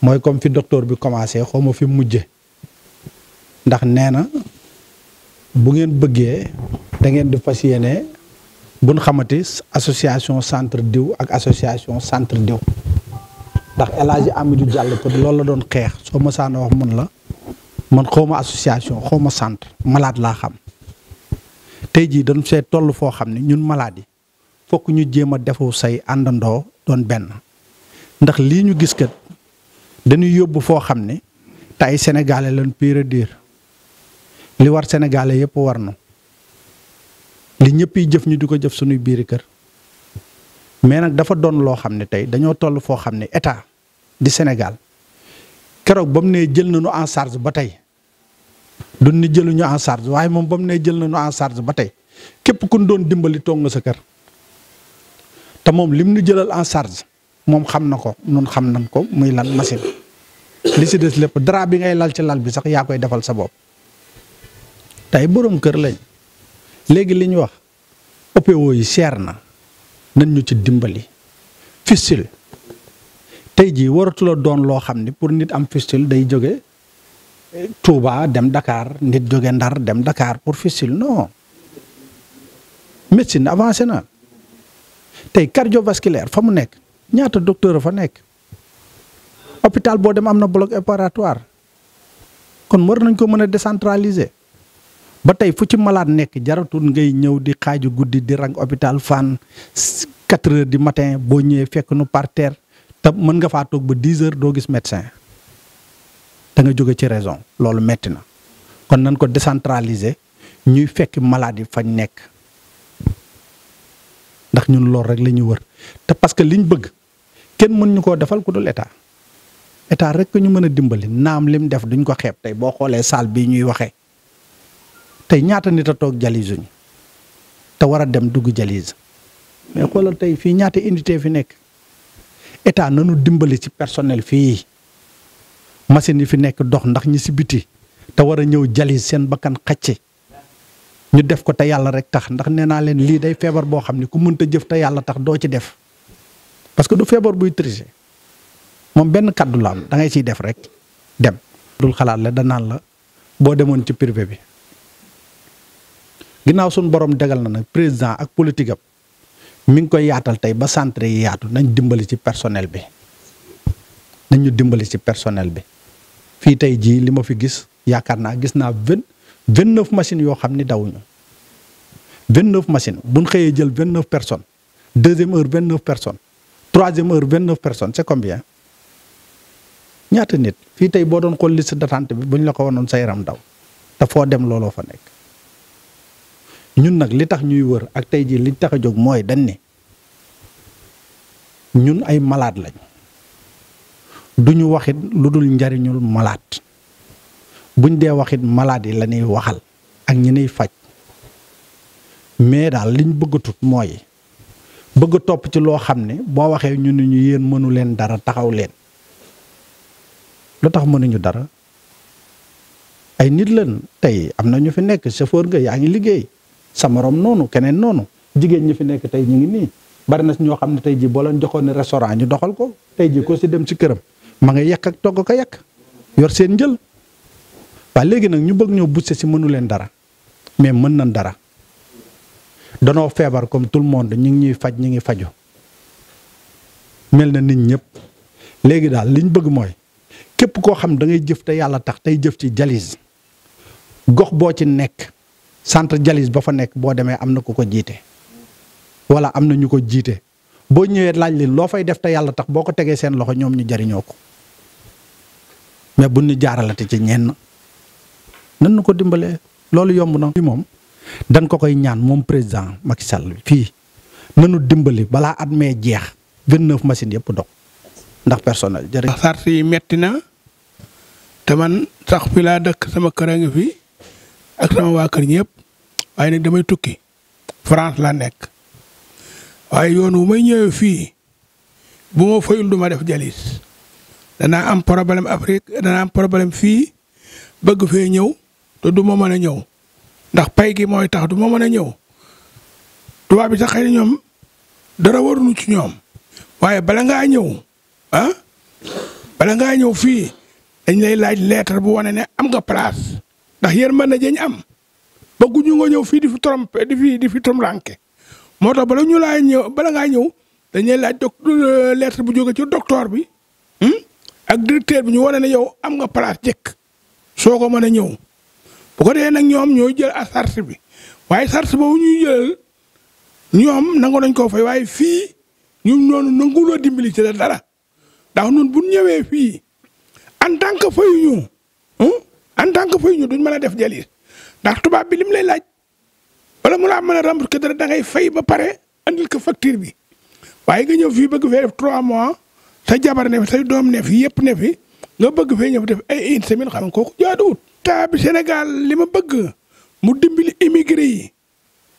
mooy comme fi docteur bi commencé xaw ma fi mujje ndax nee na bu ngeen bëggee da ngeen di fas yéene buñ xamati association centre diw ak association centre diw ndax El Hadji Amidou Diallo ko loolu la doon xeex soo ma saana wax mun la man xaw ma association xaw ma centre malade laa xam tey jii dañ see toll foo xam ne ñun malade yi fokk ñu jéem a defu say àndandoo doon benn ndax lii ñu gis kat dañuy yóbbu foo xam ne te ay sénégalais lañ pire diir li war sénégalais yëpp war na li ñëpp yi jëf ñu di ko jëf sunuy biiri kër mais nag dafa doon loo xam ne tey dañoo toll foo xam ne état di Sénégal keroog ba mu nee jël nañu en charge ba tey du nu jëluñu en charge waaye moom ba mu nee jël nañu en charge ba tey képp ku ñu doon dimbali toog nga sa kër te moom lim nu jëlal en charge moom xam na ko nun xam nañ ko muy lan machine. li si des lépp dara bi ngay lal ci lal bi sax yaa koy defal sa bopp tey boroom kër lañ léegi li ñu wax OPO yi seer na nañ ñu ci dimbali fistil tey jii waratula doon loo xam ni pour nit am fistule day jóge eh, Touba dem dakaar nit jóge Ndar dem dakaar pour fistule non médecine avancé na tey cardiovasculaire fa mu nekk ñaata docteur fa nekk hôpital boo dem am na bloc opératoire kon war nañ ko mën a décentraliser ba tey fu ci malaad nekk jaratul ngay ñëw di xaaju guddi di rang hôpital Fann quatre heures di matin boo ñëwee fekk nu par te mën nga faa toog ba dix heures doo gis médecin da nga jóge ci raison loolu metti na kon nañ ko décentraliser ñuy fekk malade yi fañ nekk ndax ñun loolu rek la ñuy wër te parce que liñ bëgg kenn mën ñu koo defal ku dul état état rek ñu mën a dimbali naam lim def duñ ko xeeb tey boo xoolee salle bii ñuy waxee tey ñaata nit a toog jalisuñ te war a dem dugg jalise mais xoolal tey fii ñaata unité fi nekk état nanu dimbali ci personnel fii machine yi fi nekk dox ndax ñi si biti te war a ñëw jalise seen bakkan xacce ñu def ko te yàlla rek tax ndax nee naa leen lii day feebar boo xam ne ku mënta jëf te yàlla tax doo ci def parce que du feebar buy tricher moom benn kaddu la am da ngay siy def rek dem. dul xalaat la da danaan la boo demoon ci privé bi ginnaaw suñu borom degal na nag président ak politique mu ngi koy yaatal tey ba centre yi yaatu nañ dimbali ci personnel bi nañ ñu dimbali ci personnel bi fii tey jii li ma fi gis yaakaar naa gis naa vingt vingt neuf machine yoo xam ni dawuñu vingt neuf machines buñ xëyee jël vint neuf personnes deuxième heure vingt neuf personnes troisième heure vingt neuf personnes c'est combien. ñaata nit fii tey boo doon xool liste datant bi bu buñ la ko wanoon sa yaram daw te foo dem looloo fa nekk ñun nag li tax ñuy wër ak tey jii li tax a jóg mooy dañ ne ñun ay malade lañ duñu waxit lu dul njariñul malade buñ dee waxit malade yi lañuy waxal ak ñi ñuy faj mais daal liñ bëggatut mooy bëgg topp ci loo xam ne boo waxee ñu ne ñu yéen mënu leen dara taxaw leen lu tax mënuñu dara ay nit lan tey am na ñu fi nekk chauffeur nga yaa ngi liggéey sa moroom noonu keneen noonu jigéen ñu fi nekk tey ñu ngi nii bari na ñoo xam ne tey jii boo leen joxoon ne restaurant ñu doxal ko tey jii ko si dem ci këram ma nga yekk ak togg ko yekk yor seen njël waa léegi nag ñu bëgg ñoo busse si mënu leen dara mais mën nañ dara danoo feebar comme tout le monde ñu ngi ñuy faj ñu ngi faju mel na nit ñëpp léegi daal liñ bëgg mooy képp koo xam da ngay jëf te yàlla tax tey jëf ci jalis gox boo ci nekk sant jalis ba fa nekk boo demee am na ku ko jiite wala am na ñu ko jiite boo ñëwee laaj leen loo fay def te yàlla tax boo ko tegee seen loxo ñoom ñu jariñoo ko mais bu nu jaaralate ci ñenn nan nu ko dimbalee loolu yomb na fi moom dan ko koy ñaan moom président Macky Sall fii nanu dimbali balaa at mee jeex vingt-neuf machines yëpp dox ndax personnel jërëjëf sart yi metti na te man sax fi dëkk sama kër a ngi fi ak sama waa waaye nag damay tukki France laa nekk waaye yoon wu may ñëwee fii bu ma fayul du ma def jalis danaa am problème Afrique danaa am problème fii bëgg fee ñëw te du ma mën a ñëw ndax pay gi mooy tax du ma mën a ñëw tubaab bi sax xëy na dara warunu ci ñoom waaye bala ngaa ñëw ah ngaa ñëw fii dañ lay laaj lettre bu wane ne am nga place ndax na jeñ am bëgguñu nga ñëw fii di fi trompé di fi di fi tromlanke moo tax bala ñu laa ñëw bala ngaa ñëw dañ laaj doc euh, lettre bu jóge ci docteur bi hmm, ak directeur bi ñu wane ne yow am nga place jëkk soo ko mën a ñëw bu ko dee nag ñoom ñooy jël a sart bi waaye sart boobu ñuy jël ñoom nangu nañ koo fay waaye fii ñun noonu nanguwuloo dimbali ci dara ndax ñun bu ñëwee fii. en tant que fayuñu en tant que fayuñu duñ mën a def jalis ndax tubaab bi lim lay laaj wala mu laa mën a rembourser dara dangay ngay fay ba pare andil ko facture bi waaye nga ñëw fii bëgg fee def 3 mois sa jabar ne fi doom ne fi yëpp ne fi nga bëgg fee ñëw def ay une semaine xam nga kooku jaaduwut. taa bi Sénégal li ma bëgg mu dimbali immigré yi.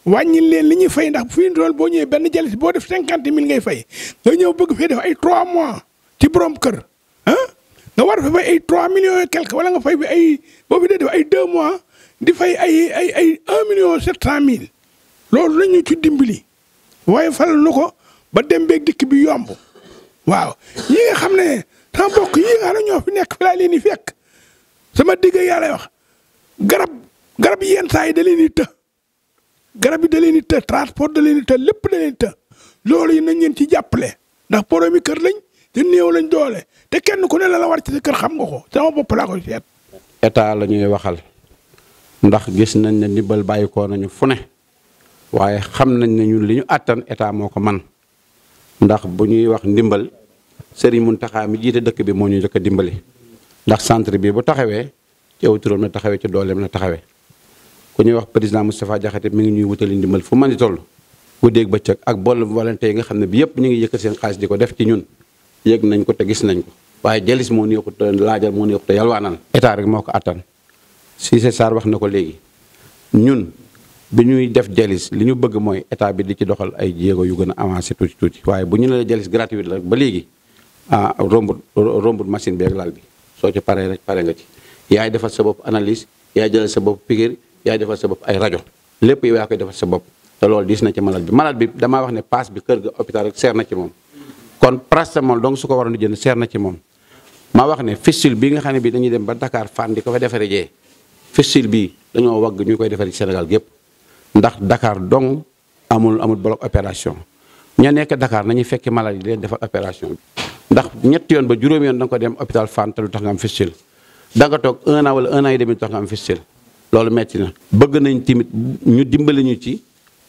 wàññi leen li ñuy fay ndax bu fi dool boo ñëwee benn jalis boo def cinquante mille ngay fay nga ñëw bëgg fee def ay trois mois ci borom kër nga war fa fay ay trois millions et quelque wala nga fay bi ay boo fi dee def ay deux mois di fay ay ay ay un million sept cent mille loolu la ñu ci dimbali waaye fal nu ko ba dem beeg dikk bi yomb waaw ñi nga xam ne sama mbokk yi nga xam ñoo fi nekk fi laa leen di fekk sama digg yàlla wax garab garab yi yenn yi da leen di të garab yi da leen di të transport da lépp da leen di të loolu yi nañ leen ci jàppale ndax boroomi kër lañ te néew lañ doole te kenn ku ne la la war ci sa kër xam nga ko sama bopp laa koy seet. état la ñuy waxal ndax gis nañ ne ndimbal bàyyikoo nañu fu ne waaye xam nañ ne ñun li ñu àttan état moo ko man ndax bu ñuy wax ndimbal Serigne Mountakha mi jiite dëkk bi moo ñu njëkk a ndax centre bi bu taxawee ci aw turam la taxawee ci dooleem la taxawee ku ñuy wax président Moustapha Diakhaté mi ngi ñuy wutali ndimbal fu man di toll. bu dégg bëccëg ak boole volonté yi nga xam ne bi yëpp ñu ngi yëkkat seen di ko def ci ñun. yëg nañ ko te gis nañ ko waaye jalis moo neexut te laajal moo neexut te yalwaanal état rek moo ko attan Cissé Sarr wax na ko léegi ñun bi ñuy def jalis li ñu bëgg mooy état bi di ci doxal ay jéego yu gën a avancé tuuti tuuti waaye bu ñu la jalis gratuite la rek ba léegi ah rombut rombut machine bi ak laal bi soo ci paree rek pare nga ci yaay defal sa bopp analyse yaay jëlal sa bopp piqûre yaay defal sa bopp ay rajo lépp yow yaa koy defal sa bopp te loolu diis na ci malade bi malade bi damaa wax ne paas bi kër ga rek seer na ci moom. kon paracétamol donc su ko waroon di jënd seer na ci moom maa wax ne fistule bi nga xam ne bi dañuy dem ba dakaar Fann di ko fa defaree jee fistule bii dañoo wagg ñu koy defaree ci Sénégal gépp ndax dakaar donc amul amul bloc opération ña nekk Dakar nañu fekki malade yi leen defal opération ndax ñetti yoon ba juróom yoon da ko dem hôpital Fann te lu tax nga am fistule da nga toog un an wala un an yi demi tax nga am fistule loolu metti na bëgg nañ tamit ñu dimbali ñu ci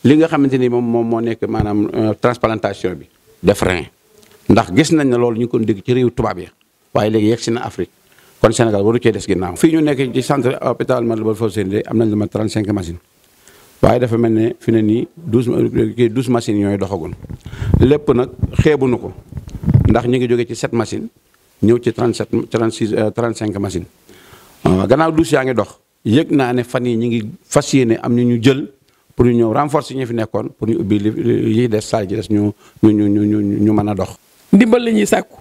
li nga xamante ni moom moom moo nekk maanaam euh, transplantation bi def ndax gis nañ ne loolu ñu ko dégg ci réew tubaab yi waaye léegi yegg si na Afrique kon Sénégal waru cee des ginnaaw. fii ñu nekk ci centre hôpital Matlaboul Fawzeyni am nañ lu ma 35 machines waaye dafa mel ne fi ne nii 12 kii 12 machines ñooy doxagul lépp nag xeebunu ko ndax ñu ngi jóge ci 7 machines ñëw ci 37 36 35 machines gannaaw douze yaa ngi dox yëg naa ne fan yi ñu ngi fas yéene am ñu ñu jël. pour ñu ñëw renforcer ñi fi nekkoon pour ñu ubbi li yi des salle ji des ñu ñu ñu ñu ñu mën a dox ndimbal la ñuy sàkku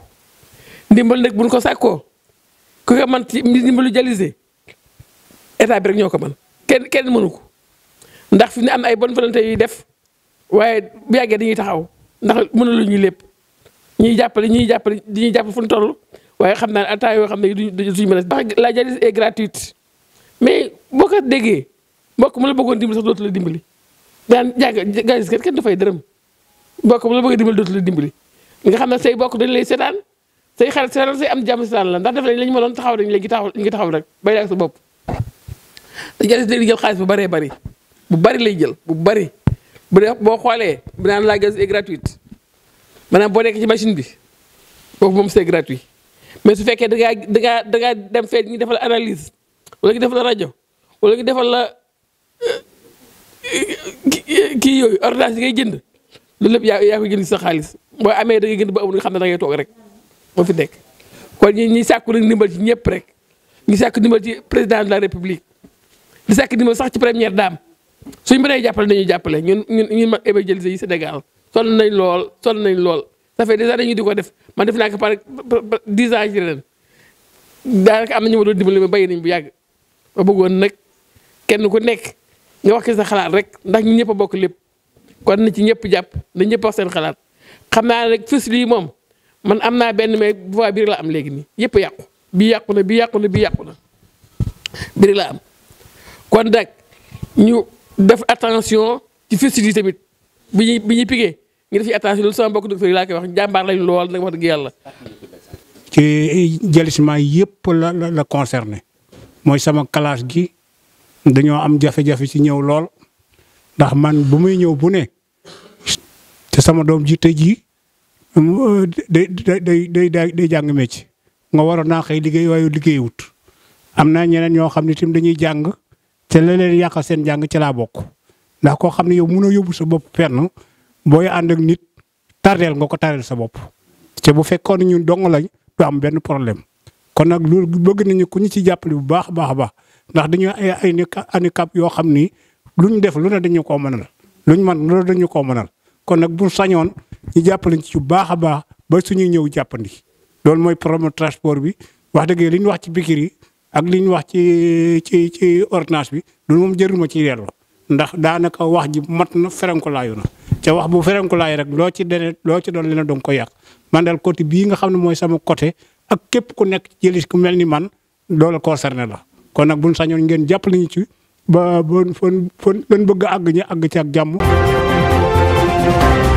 ndimbal nag buñ ko sàkkoo ku ko man ci ndimbalu Jalise état bi rek ñoo ko man kenn kenn mënu ko ndax fi ne am na ay bonne volonté yuy def waaye bu dañuy taxaw ndax mënalu ñu lépp ñuy jàppale ñuy jàppale dañuy jàppale fu ñu toll waaye xam naa ne yoo xam ne duñ duñ mën a. ndax la Jalise est gratuite mais boo ko déggee mbokk mu la bëggoon dimbali sax dootu dimbali daan jàng Jalise kenn du fay dërëm mbokk mu la bëgg dimbali dootu la dimbali. nga xam ne say bokk dañ lay seetaan say xarit seetaan say am jàmm seetaan la ndax def nañ lañ mënoon taxaw dañ léegi taxaw ñu ngi taxaw rek bay ak sa bopp dañ des jël bu bëree bëri bu bëri lay jël bu bëri bu dee boo xoolee bu naan la gaz est gratuite maanaam boo nekk ci machine bi boobu moom c'est gratuit mais su fekkee da ngaa da ngaa da ngaa dem fee ñu defal analyse wala ñu defal la rajo wala ñu defal la kii yooyu ordonnance yi ngay jënd lu lépp yaa yaa ko jënd sa xaalis boo amee da ngay gën ba nga xam ne da ngay toog rek moo fi nekk kon ñi ñi sàkku nag ndimbal ci ñëpp rek ñi sàkku ndimbal ci président de la république di sàkku ndimbal sax ci première dame suñ mënee jàppale nañu jàppale ñun ñun ñun mag évangélisé yi Sénégal sol nañ lool sol nañ lool ça fait des années ñu di ko def man def naa ko par dix ans ci ren daanaka am nañu ñu ma doon dimbali ba bàyyi nañ bu yàgg ba bëggoon nag kenn ku nekk nga wax ki sa xalaat rek ndax ñëpp bokk lépp kon na ci ñëpp jàpp na ñëpp wax seen xalaat xam naa ne nag fës lii moom man am naa benn mais voie biir la am léegi nii yëpp yàqu bi yàqu na bi yàqu na bi yàqu na biir la am kon nag ñu def attention ci fës lii tamit bi ñuy bi ñuy pigee ñu def ci attention loolu sama mbokk docteur yi laa koy wax jàmbaar lañu lool nag wax dëgg yàlla. ci jalissement yëpp la la la concerné mooy sama classe gi dañoo am jafe ci ñëw lool ndax man bu muy ñëw bu ne. sama doom ji tey jii euh, day day day day jàng métier nga waroon naa xëy liggéey waaye liggéeyut am naa ñeneen ñoo xam ne tim dañuy jàng te la leen yàqal seen jàng ci laa bokk ndax koo xam ne yow mënoo yóbbu sa bopp fenn booy ànd ak nit tardel nga ko tardeel sa bopp te bu fekkoon ñun ñu lañ du am benn problème kon nag loolu bëgg nañu ku ñu ci jàppale bu baax a baax a baax ndax dañu ay ay handicap yoo xam ni luñ def lu ne dañu koo mënal luñ man lu ne dañu koo mënal kon nag bu sañoon ñu jàppale ci bu baax a baax ba suñuy ñëw jàppandi loolu mooy problème transport bi wax dëgg li ñu wax ci bikir yi ak li ñu wax ci ci ci ordonnance bi loolu moom jërul ma ci yellu ndax daanaka wax ji mat na ferenkulaayu na ca wax bu ferenkulaayu rek loo ci dene loo ci doon leen doon ko yàq man dal côté bii nga xam ne mooy sama côté ak képp ku nekk jëlis ku mel ni man loola concerné la kon nag bu sañoon ngeen jàppale ñu ci ba ba fon fan bëgg àgg ñu àgg ci ak jàmm thank you